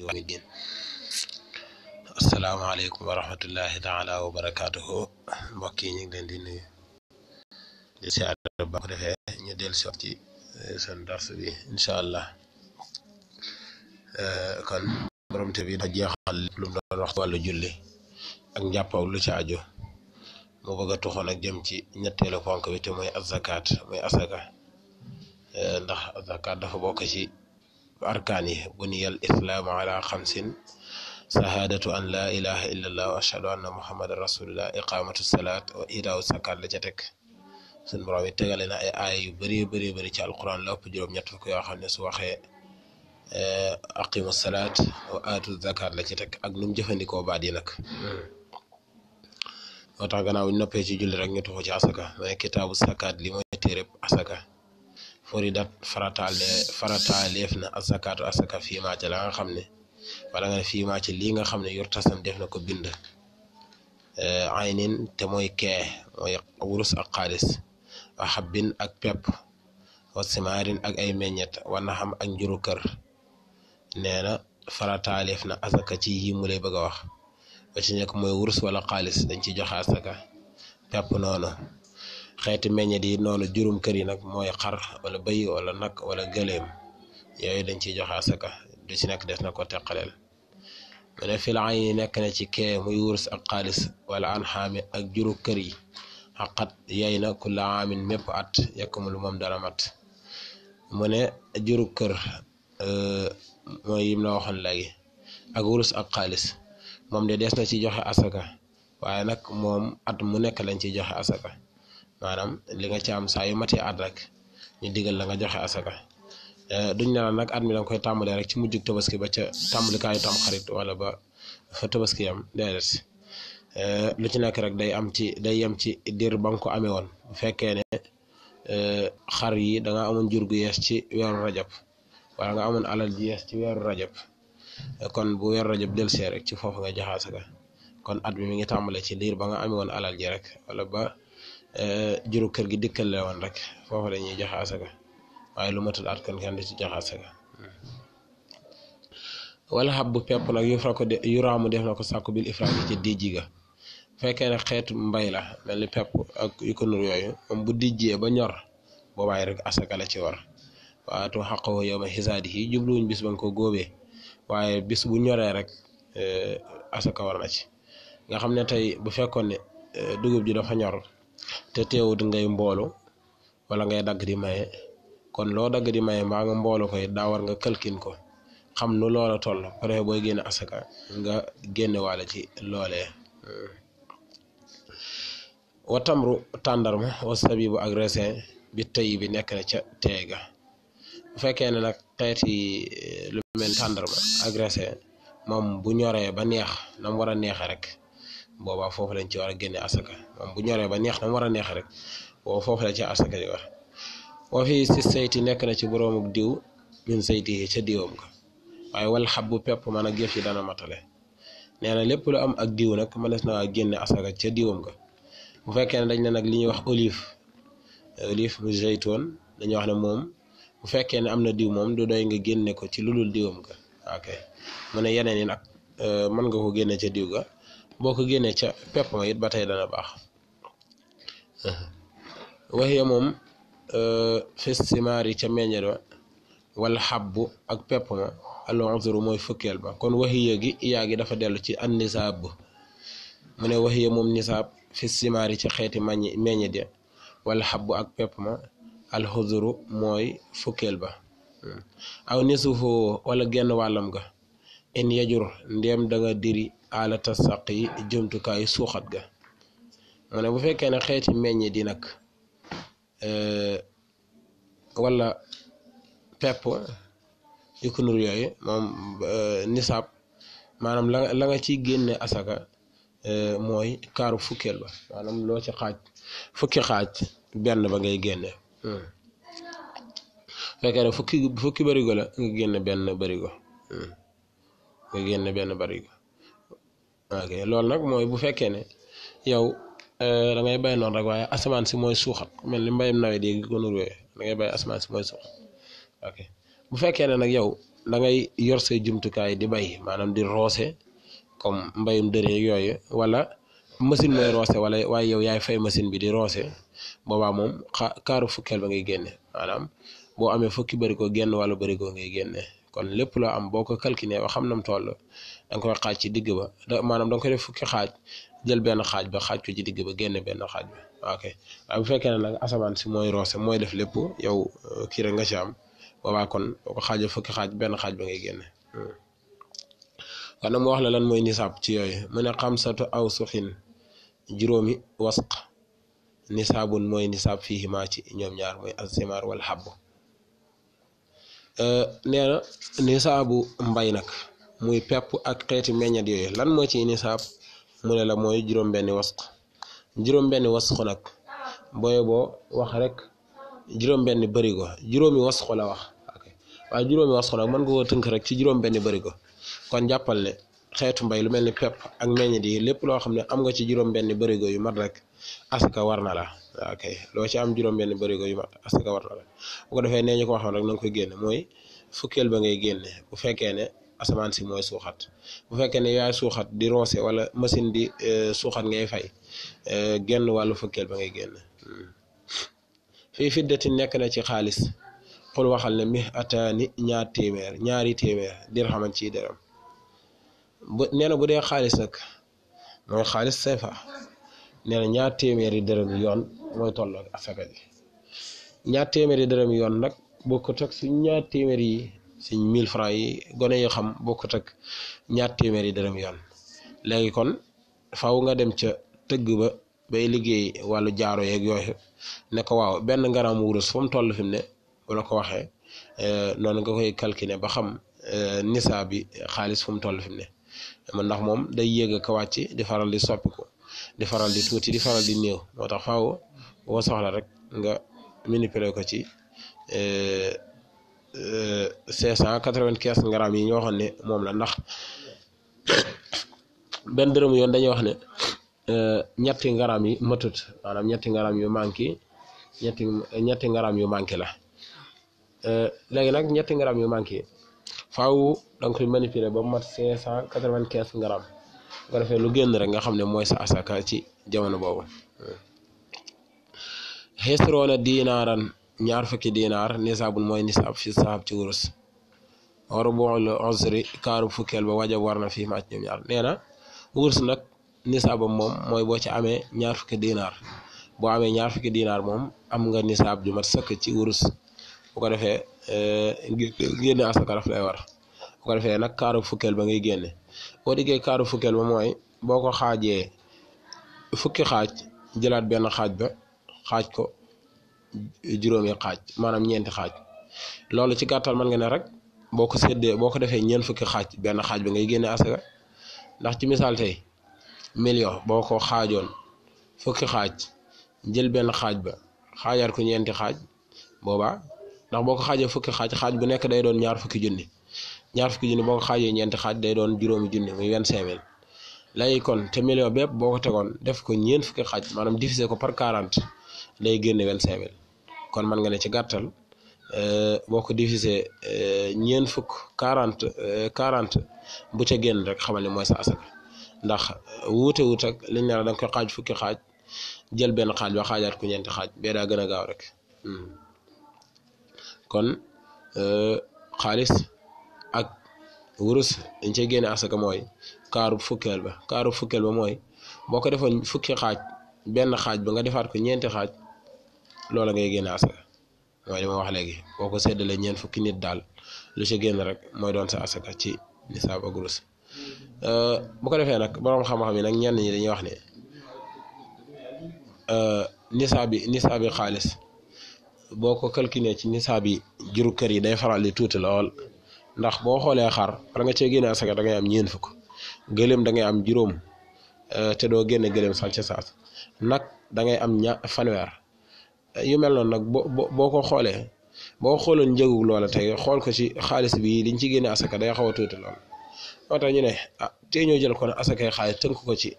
din asalaamaaleykum wa rahmatullahi taala wa barakaatuhu mbokk yi ñu ngi leen di nuyu di siyaar ba del si ci eh, seen bi incha allah eh, kon borom te bi da jeexal lépp lu mu wax wàllu julli ak njàppaw lu ci mu bëgg a tuxoon ak jëm ci ñetteelu ponk bi te mooy azakaat mooy asaka eh, ndax azakaat dafa bokk ci arkaani buniyal islaamu ala xamsin sahaadatu an laa ilaha illallah wa ashhadu anna muhammadan rasulullah iqamatu salaat wa itaawu sakaat la ca teg suñ borom yi tegale na ay aaya yu bëree bëree bëri ci alquran la ëpp juróom-ñett fukk yoo xam ne su waxee eh, aqimu salaat wa aatu zakat la ci teg ak nu mu jëfandikoo baat yi nag hmm. tax gannaaw bu ñu noppee ci julli rek ñu tuxu ci asaka mais kitaabu sakaat li mooy téereb asaka furidat farataale farataaleef na azakaatu asaka fiima ca la nga xam ne wala nga ne fiima ci lii nga xam ne yor tasan def na ko bind eh, aynin te mooy kee mooy wurus ak xaalis wa xabbin ak pepp wa simaarin ak ay meññet wana xam ak njuru kër nee na farataaleef na asaka ci yi lay bëgg a wax ba ci nekk mooy wurus wala xaalis dañ ci joxe asaka pepp noonu xeeti meññeet yi noonu juróom kër yi nag mooy xar wala bëy wala nag wala gëléem yooyu dañ ciy joxe asaka du ci nekk des na ko teqaleel mu ne yi nekk na ci kee muy wurus ak xaalis wala anxaami ak juru kër yi xaqat yay na ku laamin mépp at yekkamul moom dara mat mu ne juru kër euh, mooy yim la ak wurus ak xaalis moom de des na ci joxe asaka waaye nag moom at mu nekk lañ ci joxe asaka maanaam li nga ci am saa yu matee at rek ñu digal la nga joxe asaka eh, duñ ne la nag at mi danga koy tàmbalee rek ci mujjug tabaski ba ca tàmbalikaayu tam xarit wala ba fa tabaski am déedéet eh, lu ci nekk rek day am ci day yem ci diir ba nga ko amee woon bu fekkee ne eh, xar yi da nga amoon jur gu ci weeru rajab wala nga amoon alal ji yees ci weeru rajab kon bu weeru rajab del see rek ci foofu nga joxe asaka kon at bi mi ngi tàmbalee ci diir ba nga amee woon alal ji rek wala ba. Eh, juru kër gi dikkal la woon rek foofu lañuy ñuy joxe asaka waaye lu matul at kan kenn ci joxe asaka wala xab bu pepp nag yu fa yu raamu def na ko sàkku bil ifraat yi ci dijji fekkee ne xeetu mbay la mel ni pepp ak yu ko nur yooyu moom bu dijjee ba ñor boobaay rek asaka la ci war waatu xaqoo yow ma xisaadi yi bis ba nga ko góobee waaye bis bu ñoree rek eh, asaka war na ci nga xam ne tey bu fekkoon ne eh, dugub ji dafa ñor te tewude ngay mboolo wala ngay daggdi maye kon loo daggdi maye mbaa nga mboolo koy daawar nga kalkin ko xam nu loola toll prefe booy génn asaka nga génnewaale ci loolee wa tamru tàndarma wa sabibu ak resin bi tëyi bi nekk na ca teega bu fekkee ne nag xeeti eh, lu men tàndarma ak resin moom bu ñoree ba neex na mu war a neexe rek boobaa foofu lañ ci war a génne asaka moom bu ñoree ba neex na mu war a neex rek boobu foofu la ci asaka di wax boo fi si sayti nekk na ci boroomu diw min sayti yi ca diwam ko waaye wal xab bu pepp man a yëf yi dana matale nee na lépp lu am ak diw nag mënees na waa génne asaka ca diwam ko bu fekkee ne dañ ne nag li ñuy wax olive olive mu zeytoon dañuy wax ne moom bu fekkee ne am na diw moom du doy nga génne ko ci lu dul diwam ko ok mu ne yeneen yi nag euh, mën nga ko génne ca diw ga boo ko génnee ca pepp ma it ba tey dana baax waxee moom euh, festimaari ca meññet wala xabbu ak pepp ma alonzuru mooy fukkeel ba kon waxiya gi dafa dellu ci an nisaab ne waxiya moom nisaab festimaari ca xeeti mañ meññet ya wala xabbu ak pepp ma alxuzuru mooy fukkeel ba aw nisufu wala genn wàllam ga in yajur ndéem da nga diri alata sàq yi jëmtukaayu suuxat ga mu ne bu fekkee ne xeeti meññi di nag eh, walla pepp yu yooyu moom eh, nisaab maanaam la la nga ciy génne asaka eh, mooy kaaru fukkeel ba maanaam loo ci xaaj fukki xaaj benn ba ngay génne hmm. fekkee ne fukki fukki barigo la nga génne benn barigo hmm. nga génne benn bari ok loolu nag mooy bu fekkee ne yow euh, da ngay bay noonu rek waaye asamaan si mooy suuxat mel ni mbayum nawet yi ko nurwee da ngay bay asamaan si bu fekkee ne nag yow da ngay yor say jumtukaay di bay maanaam di roose comme mbayum dëree yooyu wala machine mooy roose wala waaye yow yaay fay machine bi di roose boobaa moom kaaru fukkeel ba ngay génne maanaam boo amee fukki bari barigo génn wala barigo ngay génne kon lépp loo am boo ko calculé ba xam nam toll da nga koy xaaj ci digg ba maanaam da nga koy def fukki xaaj jël benn xaaj ba xaaj ko ci digg ba génn benn xaaj ba ok waaye bu fekkee ne nag asamaan si mooy roose mooy def lépp yow euh, kii rek nga ci am boobaa kon boo ko xaajee fukki xaaj benn xaaj ba ngay génne kon nag mu wax la lan mooy nisaab ci yooyu mu ne xamsatu aw suxin juróomi wasq nisaabun mooy nisaab fii himaa ci ñoom ñaar mooy alsimaar wala xabb Euh, nee na nisaabu mbay nag muy pepp ak xeeti meññat yooyu lan moo ciy nisaab mu ne la mooy juróom-benni wasq juróom-benni wasq nag booy boo wax rek juróom-benni bërigo juróomi wasq la wax waaye juróomi wasq nag mën nga koo tënk rek ci juróom-benni bërigo kon jàppal ne xeetu mbay lu mel ni pepp ak meññat yi lépp loo xam ne am nga ci juróom-benni bërigo yu mat rek asaka war na la waaw loo ci am juróom-benn yu mat asaka war na la bu nee ñu ko waxoon rek na nga mooy fukkeel ba ngay génne bu fekkee ne asamaan si mooy suuxat bu fekkee ne yaay suuxat di roose wala machine di euh, suuxat ngay fay euh, genn wàllu fukkeel ba ngay génn hmm. fii fiddati nekk na ci xaalis xul waxal ne mi ataani ñaar téeméer ñaari di dirhaman ci deram bu nee bu dee xaalis nag mooy xaalis seefa nee ñaar téeméeri dërëm yoon mooy tolloog asaka ji ñaar téeméeri dërëm yoon nag bokkut ak suñ ñaar téeméeri yi suñ mille yi gone yoo xam bokkut ak ñaar téeméeri dërëm yoon léegi kon faw nga dem ca tëgg ba bay liggéey wàllu jaaro yeeg yooyu ne ko waaw benn ngaram wurus fa mu toll fi mu ne bu la ko waxee euh, noonu nga koy calculer ba xam euh, nisaa bi xaalis fu mu toll fi ne man ndax moom day yéeg a ko di faral di soppiku di faral di tuuti di faral di néew moo tax faaw boo soxla rek nga manipuler ko ci eh, eh, cinq cent quatre-vingt-quinze grammes yi ñu waxoon ne moom la ndax benn dërëm yoon dañuy wax ne eh, ñetti ngaram yi matut maanaam ñetti ngaram yu manqué ñetti ñetti ngaram yu manqué la léegi nag ñetti ngaram yu manqué faaw da nga koy manipuler ba mat cinq cent quatre-vingt-quinze bu ko defee lu génn rek nga xam ne mooy sa asaka ci jamono boobu xisroona diinaaran ñaar fukki diinaar nisaabul mooy nisaab fi saab ci wurus rubuul usri kaaru fukkeel ba wajab war na fii ma ñoom ñaar na wurus nag nisaabam moom mooy boo ci amee ñaar fukki diinaar boo amee ñaar fukki diinaar moom am nga nisaab ju mat sëkk ci wurus bu ko defee eh, génne asaka daf lay ko defee nag kaaru ba ngay génne boo diggee kaaru fukkeel ba mooy boo ko xaajee fukki xaaj jëlaat benn xaaj ba xaaj ko juróomi xaaj maanaam ñeenti xaaj loolu ci gàttal mën nga ne rek boo ko seddee boo ko defee ñeent fukki xaaj benn xaaj bi ngay génne asaka ndax ci misaal tey million boo ko xaajoon fukki xaaj jël benn xaaj ba xaajaat ko ñeenti xaaj booba ndax boo ko xaajee fukki xaaj xaaj bu nekk day doon ñaar fukki junni ñaar fukki junni boo ko xaajee ñeenti xaaj day doon juróomi junni muy vingt-cinq mille kon te million bépp boo ko tegoon def ko ñeent fukki xaaj maanaam diviser ko par 40 day génne vingt-cinq kon man nga ne ci gàttal euh, boo ko diviser euh, ñeent fukk 40 40 euh, bu ca génn rek xamal ne mooy sa ndax wuute wuute ak liñ ne la da koy xaaj fukki xaaj jël benn xaaj ba xaajaat ko ñeenti xaaj bee daa gën a gaaw rek hmm. kon xaalis. ak wurus dañ cey génne asaka mooy kaaru fukkeel ba kaaru fukkeel ba mooy boo ko defoon fukki xaaj benn xaaj ba nga defaat ko ñeenti xaaj loolu loola ngay génne asaka mooy li ma wax léegi boo ko séddalee ñeent fukki nit daal lu ci génn rek mooy doon sa asaka ci nisaab ak wurus euh, bu ko defee nag boroom xam-xam yi nag ñenn ñi dañuy wax ne euh, nisaabi nisaabi xaalis boo ko calculé ci nisaabi juru kër yi day faral tuuti lool ndax boo xoolee xaar bala nga cee génne asaka dangay am ñeen fukk gëléem da ngay am juróom eh, te doo génne gëléem sax ca saas nag dangay am ña fanweer yu mel noonu nag boo boo ko xoolee boo xooloon njëgu loola te xool ko ci xaalis bi liñ ci génne asaka day xaw a tuuti lool moo tax ñu ne ah tey ñoo jël ko ne asakay xaalis tënk ko ci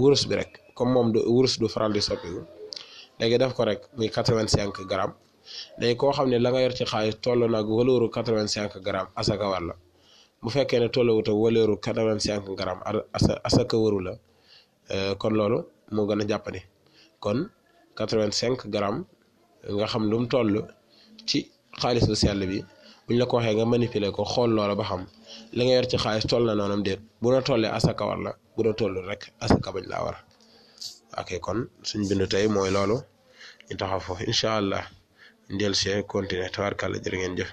wurus bi rek comme moom du wurus du faral di soppiku léegi def ko rek muy quatre-vingt-cinq grammes léegi koo xam ne la nga yor ci xaalis tolloo nag waleeru quatre-vingt-cinq grammes asaka war la bu fekkee ne tolloowut ak waleeru quatre-vingt-cinq grammes asaka waru la euh, kon loolu moo gën a jàppandi kon quatre-vingt-cinq grammes nga xam lu mu toll ci xaalis bu sell bi buñ la ko waxee nga manipuler ko xool loola ba xam li nga yor ci xaalis toll na noonam déet bu na tollee asaka war la bu na toll rek asaka bañ laa war ok kon suñ bindu tey mooy loolu ñu taxaw allah dellusi kon continué tabarkàlla jërë ngeen jëf